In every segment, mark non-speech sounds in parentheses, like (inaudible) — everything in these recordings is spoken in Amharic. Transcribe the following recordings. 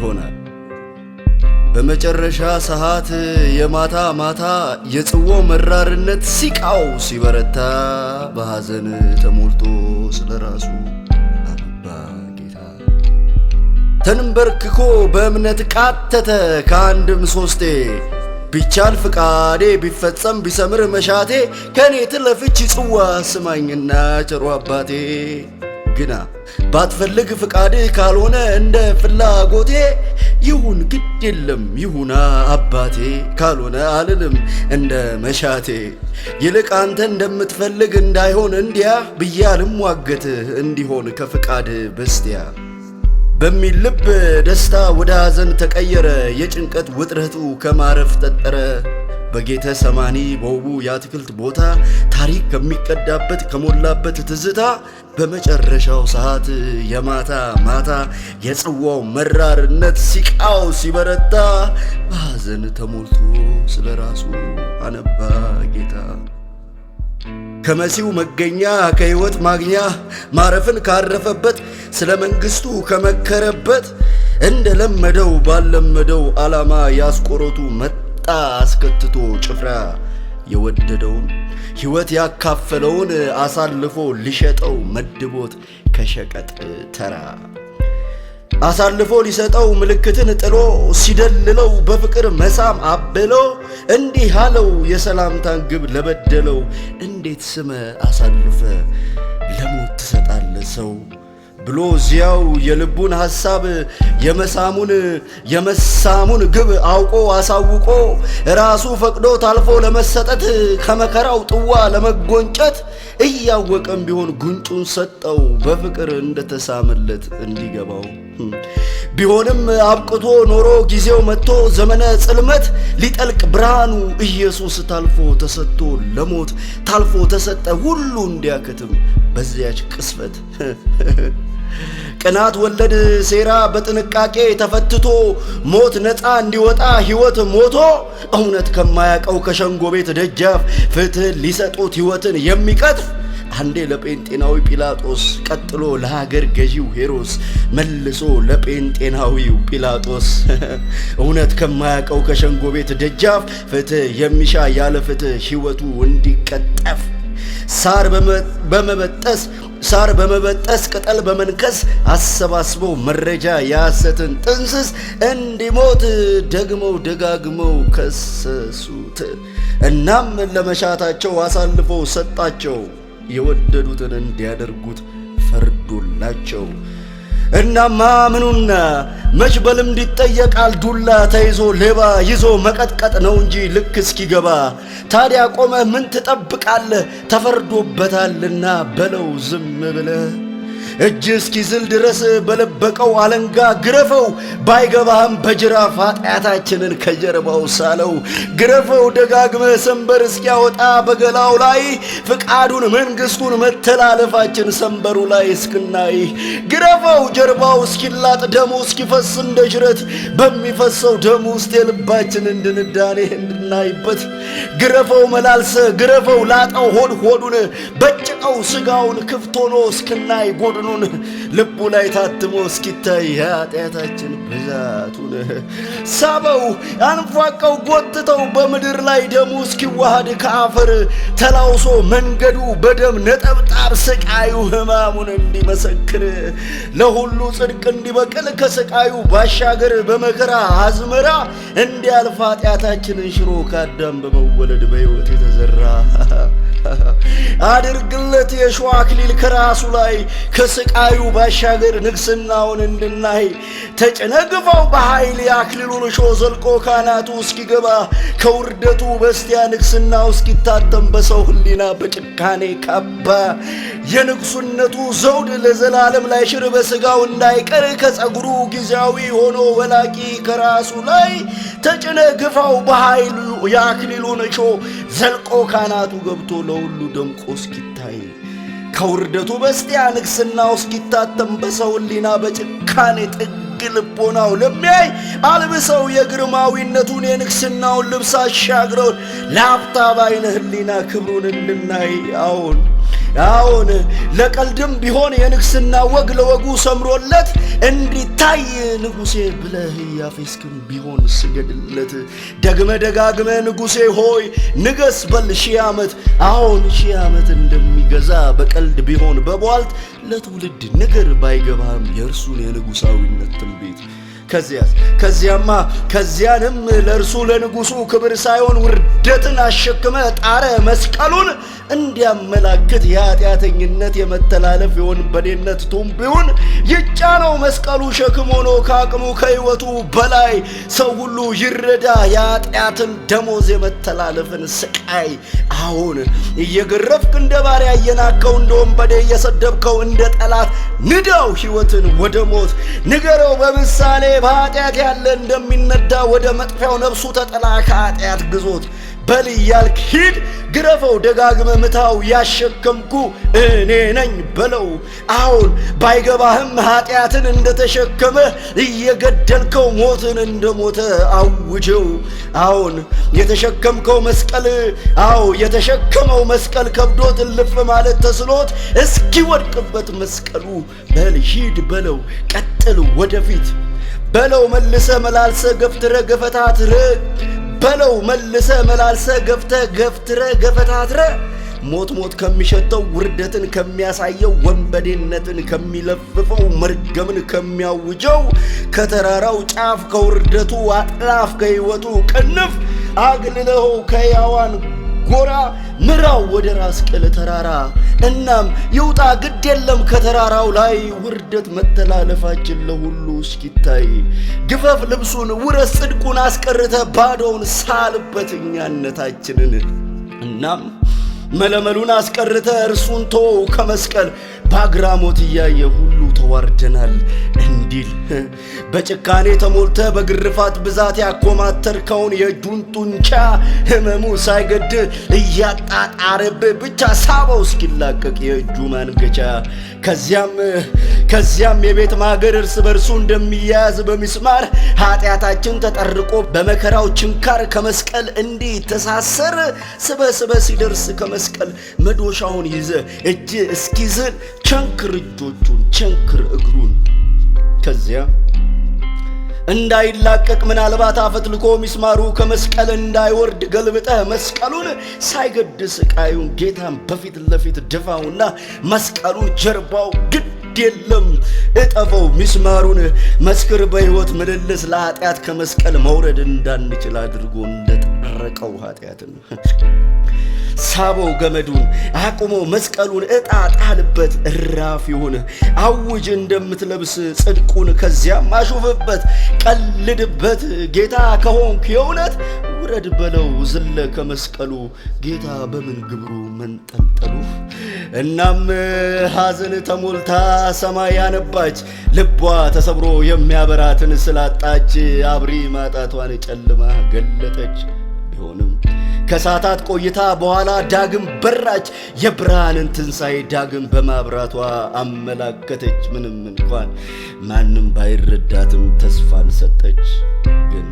ይሆናል። በመጨረሻ ሰዓት የማታ ማታ የጽዋ መራርነት ሲቃው ሲበረታ በሐዘን ተሞልቶ ስለ ራሱ አባ ጌታ ተንበርክኮ በእምነት ቃተተ ከአንድም ሶስቴ ቢቻል ፍቃዴ ቢፈጸም ቢሰምር መሻቴ ከእኔ ትለፍች ጽዋ ስማኝና ቸሩ አባቴ ግና ባትፈልግ ፍቃድህ ካልሆነ እንደ ፍላጎቴ ይሁን ግድ የለም ይሁና አባቴ ካልሆነ አልልም እንደ መሻቴ ይልቅ አንተ እንደምትፈልግ እንዳይሆን እንዲያ ብያ ልሟገትህ እንዲሆን ከፍቃድ በስቲያ በሚል ልብ ደስታ ወደ ሐዘን ተቀየረ የጭንቀት ውጥረቱ ከማረፍ ጠጠረ በጌተ ሰማኒ በውቡ የአትክልት ቦታ ታሪክ ከሚቀዳበት ከሞላበት ትዝታ በመጨረሻው ሰዓት የማታ ማታ የጽዋው መራርነት ሲቃው ሲበረታ በሐዘን ተሞልቶ ስለ ራሱ አነባ ጌታ። ከመሲው መገኛ ከሕይወት ማግኛ ማረፍን ካረፈበት ስለ መንግሥቱ ከመከረበት እንደ ለመደው ባለመደው ዓላማ ያስቆረቱ መጣ ቁጣ አስከትቶ ጭፍራ የወደደውን ሕይወት ያካፈለውን አሳልፎ ሊሸጠው መድቦት ከሸቀጥ ተራ አሳልፎ ሊሰጠው ምልክትን ጥሎ ሲደልለው በፍቅር መሳም አበሎ እንዲህ አለው የሰላምታን ግብ ለበደለው እንዴት ስመ አሳልፈ ለሞት ትሰጣለ ሰው ብሎ እዚያው የልቡን ሐሳብ የመሳሙን የመሳሙን ግብ አውቆ አሳውቆ ራሱ ፈቅዶ ታልፎ ለመሰጠት ከመከራው ጥዋ ለመጎንጨት እያወቀም ቢሆን ጉንጩን ሰጠው በፍቅር እንደተሳመለት እንዲገባው ቢሆንም አብቅቶ ኖሮ ጊዜው መጥቶ ዘመነ ጽልመት ሊጠልቅ ብርሃኑ ኢየሱስ ታልፎ ተሰጥቶ ለሞት ታልፎ ተሰጠ ሁሉ እንዲያከትም በዚያች ቅስፈት (laughs) ቅናት ወለድ ሴራ በጥንቃቄ ተፈትቶ ሞት ነፃ እንዲወጣ ሕይወት ሞቶ እውነት ከማያቀው ከሸንጎ ቤት ደጃፍ ፍትህ ሊሰጡት ሕይወትን የሚቀጥፍ አንዴ ለጴንጤናዊ ጲላጦስ ቀጥሎ ለሀገር ገዢው ሄሮስ መልሶ ለጴንጤናዊው ጲላጦስ (laughs) እውነት ከማያቀው ከሸንጎ ቤት ደጃፍ ፍትህ የሚሻ ያለ ፍትህ ሕይወቱ እንዲቀጠፍ ሳር በመበጠስ ሳር በመበጠስ ቅጠል በመንከስ አሰባስቦ መረጃ የሐሰትን ጥንስስ እንዲሞት ደግመው ደጋግመው ከሰሱት። እናም ለመሻታቸው አሳልፈው ሰጣቸው። የወደዱትን እንዲያደርጉት ፈርዶላቸው እናማ ምኑና መች በልምድ ይጠየቃል ዱላ ተይዞ ሌባ ይዞ መቀጥቀጥ ነው እንጂ ልክ እስኪገባ ታዲያ ቆመህ ምን ትጠብቃለህ? ተፈርዶበታልና በለው ዝም ብለህ እጅ እስኪዝል ድረስ በለበቀው አለንጋ ግረፈው፣ ባይገባህም በጅራፍ ኃጢአታችንን ከጀርባው ሳለው። ግረፈው ደጋግመ ሰንበር እስኪያወጣ በገላው ላይ ፍቃዱን መንግስቱን መተላለፋችን ሰንበሩ ላይ እስክናይ ግረፈው ጀርባው እስኪላጥ ደሙ እስኪፈስ እንደ ሽረት በሚፈሰው ደሙ ውስጥ የልባችን እንድንዳኔ እንድናይበት ግረፈው መላልሰ ግረፈው ላጠው ሆድ ሆዱን በጭቀው ስጋውን ክፍት ሆኖ እስክናይ ጎድኖ ሁሉን ልቡ ላይ ታትሞ እስኪታይ የኃጢአታችን ብዛቱን ሳበው፣ አንፏቀው፣ ጎትተው በምድር ላይ ደሙ እስኪዋሃድ ከአፈር ተላውሶ መንገዱ በደም ነጠብጣብ ስቃዩ ሕማሙን እንዲመሰክር ለሁሉ ጽድቅ እንዲበቅል ከስቃዩ ባሻገር በመከራ አዝመራ እንዲያልፍ ኃጢአታችንን ሽሮ ካዳም በመወለድ በሕይወት የተዘራ አድርግለት የእሾህ አክሊል ከራሱ ላይ ከስቃዩ ባሻገር ንግስናውን እንድናይ ተጨነግፈው በኃይል የአክሊሉን እሾህ ዘልቆ ካናቱ እስኪገባ ከውርደቱ በስቲያ ንግስናው እስኪታተም በሰው ህሊና በጭካኔ ካባ የንጉሥነቱ ዘውድ ለዘላለም ላይ ሽር በስጋው እንዳይቀር ከጸጉሩ ጊዜያዊ ሆኖ ወላቂ ከራሱ ላይ ተጭነ ግፋው በኃይሉ የአክሊሉን እሾ ዘልቆ ካናቱ ገብቶ ለሁሉ ደምቆ እስኪታይ ከውርደቱ በስቲያ ንግስና እስኪታተም በሰው በጭካኔ ጥግ ልቦናው ለሚያይ አልብሰው የግርማዊነቱን የንግስናውን ልብስ አሻግረውን ለሀብታ ባይነ ህሊና ክብሩን እንድናይ አዎን አሁን ለቀልድም ቢሆን የንግስና ወግ ለወጉ ሰምሮለት እንዲታይ ንጉሴ ብለህ ያፌስክም ቢሆን ስገድለት ደግመ ደጋግመ ንጉሴ ሆይ ንገስ በል ሺህ ዓመት አሁን ሺህ ዓመት እንደሚገዛ በቀልድ ቢሆን በቧልት ለትውልድ ንገር ባይገባም የእርሱን የንጉሳዊነት ትንቢት ከዚያስ ከዚያማ ከዚያንም ለእርሱ ለንጉሱ ክብር ሳይሆን ውርደትን አሸክመ ጣረ መስቀሉን እንዲያመላክት የኃጢአተኝነት የመተላለፍ የወንበዴነት ቱንቢውን ይጫነው መስቀሉ ሸክም ሆኖ ከአቅሙ ከሕይወቱ በላይ ሰው ሁሉ ይረዳ የኃጢአትን ደሞዝ የመተላለፍን ስቃይ። አሁን እየገረፍክ እንደ ባሪያ እየናከው እንደ ወንበዴ እየሰደብከው እንደ ጠላት ንደው ሕይወትን ወደ ሞት ንገረው በምሳሌ በኃጢአት ያለ እንደሚነዳ ወደ መጥፊያው ነፍሱ ተጠላ ከኃጢአት ግዞት በል እያልክ ሂድ ግረፈው ደጋግመ ምታው ያሸከምኩ እኔ ነኝ በለው። አሁን ባይገባህም ኃጢአትን እንደተሸከመ እየገደልከው ሞትን እንደሞተ አውጀው። አሁን የተሸከምከው መስቀል አዎ የተሸከመው መስቀል ከብዶት እልፍ ማለት ተስኖት እስኪወድቅበት መስቀሉ በል ሂድ በለው። ቀጥል ወደፊት በለው መልሰ መላልሰ ገፍትረ ገፈታትረ በለው መልሰ መላልሰ ገፍተ ገፍትረ ገፈታትረ ሞት ሞት ከሚሸተው ውርደትን ከሚያሳየው ወንበዴነትን ከሚለፍፈው መርገምን ከሚያውጀው ከተራራው ጫፍ ከውርደቱ አጥላፍ ከሕይወቱ ቅንፍ አግልለው ከያዋን ጎራ ምራው ወደ ራስ ቅል ተራራ እናም ይውጣ ግድ የለም ከተራራው ላይ ውርደት መተላለፋችን ለሁሉ እስኪታይ ግፈፍ ልብሱን ውረስ ጽድቁን አስቀርተ ባዶውን ሳልበት እኛነታችንን እናም መለመሉን አስቀርተ እርሱን ቶ ከመስቀል በአግራሞት እያየ ሁሉ ተዋርደናል እንዲል በጭካኔ ተሞልተ በግርፋት ብዛት ያኮማተርከውን የእጁን ጡንቻ ህመሙ ሳይገድ እያጣጣረብ ብቻ ሳበው እስኪላቀቅ የእጁ ማንገቻ ከዚያም ከዚያም የቤት ማገር እርስ በርሱ እንደሚያያዝ በሚስማር ኃጢአታችን ተጠርቆ በመከራው ችንካር ከመስቀል እንዲተሳሰር ስበ ስበ ሲደርስ ከመስቀል መዶሻውን ይዘ እጅ እስኪዝን ቸንክር እጆቹን ቸንክር እግሩን ከዚያም እንዳይላቀቅ ምናልባት አፈትልኮ ሚስማሩ ከመስቀል እንዳይወርድ ገልብጠህ መስቀሉን ሳይገድስ ቃዩን ጌታን በፊት ለፊት ድፋውና መስቀሉን ጀርባው ግድ የለም እጠፈው ሚስማሩን መስክር በሕይወት ምልልስ ለኃጢአት ከመስቀል መውረድ እንዳንችል አድርጎ እንደጠረቀው ኃጢአትን ሳበው ገመዱን አቁሞ መስቀሉን ዕጣ ጣልበት፣ እራፍ ይሁን አውጅ እንደምትለብስ ጽድቁን፣ ከዚያም አሹፍበት፣ ቀልድበት ጌታ ከሆንክ የእውነት ውረድ በለው ዝለ ከመስቀሉ ጌታ በምን ግብሩ መንጠልጠሉ። እናም ሐዘን ተሞልታ ሰማይ ያነባች ልቧ ተሰብሮ የሚያበራትን ስላጣች አብሪ ማጣቷን ጨልማ ገለጠች ቢሆንም ከሰዓታት ቆይታ በኋላ ዳግም በራች፣ የብርሃንን ትንሣኤ ዳግም በማብራቷ አመላከተች። ምንም እንኳን ማንም ባይረዳትም ተስፋን ሰጠች። ግን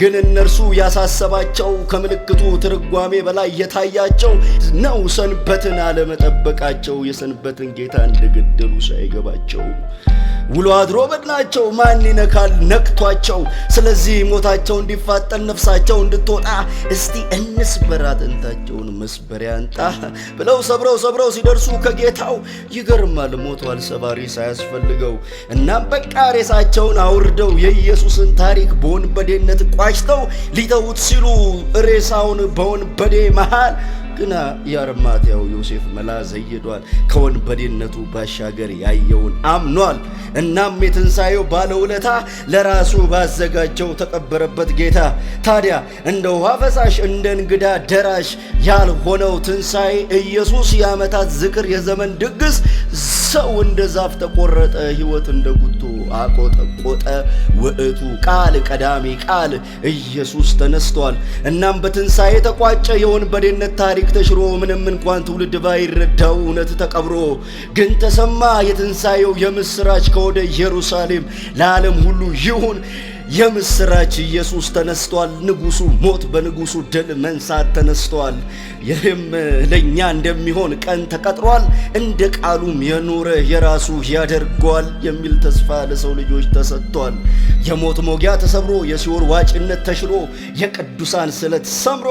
ግን እነርሱ ያሳሰባቸው ከምልክቱ ትርጓሜ በላይ የታያቸው ነው ሰንበትን አለመጠበቃቸው፣ የሰንበትን ጌታ እንደገደሉ ሳይገባቸው ውሎ አድሮ በድናቸው ማን ይነካል ነክቷቸው። ስለዚህ ሞታቸው እንዲፋጠን ነፍሳቸው እንድትወጣ እስቲ እንስበር አጥንታቸውን መስበሪያ እንጣ ብለው ሰብረው ሰብረው ሲደርሱ ከጌታው ይገርማል ሞቷል ሰባሪ ሳያስፈልገው። እናም በቃ ሬሳቸውን አውርደው የኢየሱስን ታሪክ በወንበዴነት ቋጭተው ሊተውት ሲሉ ሬሳውን በወንበዴ መሃል ግና የአርማትያው ዮሴፍ መላ ዘይዷል። ከወንበዴነቱ ባሻገር ያየውን አምኗል። እናም የትንሣኤው ባለውለታ ለራሱ ባዘጋጀው ተቀበረበት ጌታ። ታዲያ እንደ ውሃ ፈሳሽ እንደ እንግዳ ደራሽ ያልሆነው ትንሣኤ ኢየሱስ የዓመታት ዝክር፣ የዘመን ድግስ ሰው እንደ ዛፍ ተቆረጠ፣ ሕይወት እንደ ጉቶ አቆጠቆጠ። ውዕቱ ቃል ቀዳሚ ቃል ኢየሱስ ተነስቷል። እናም በትንሣኤ ተቋጨ የወንበዴነት ታሪክ ተሽሮ ምንም እንኳን ትውልድ ባይረዳው እውነት ተቀብሮ ግን ተሰማ የትንሣኤው የምሥራች ከወደ ኢየሩሳሌም ለዓለም ሁሉ ይሁን። የምስራች ኢየሱስ ተነስቷል። ንጉሱ ሞት በንጉሱ ድል መንሳት ተነስቷል። ይህም ለእኛ እንደሚሆን ቀን ተቀጥሯል። እንደ ቃሉም የኖረ የራሱ ያደርገዋል የሚል ተስፋ ለሰው ልጆች ተሰጥቷል። የሞት ሞጊያ ተሰብሮ፣ የሲኦል ዋጭነት ተሽሮ፣ የቅዱሳን ስለት ሰምሮ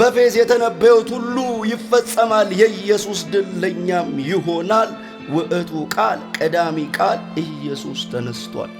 በፌዝ የተነበዩት ሁሉ ይፈጸማል። የኢየሱስ ድል ለእኛም ይሆናል። ውዕቱ ቃል ቀዳሚ ቃል ኢየሱስ ተነስቷል።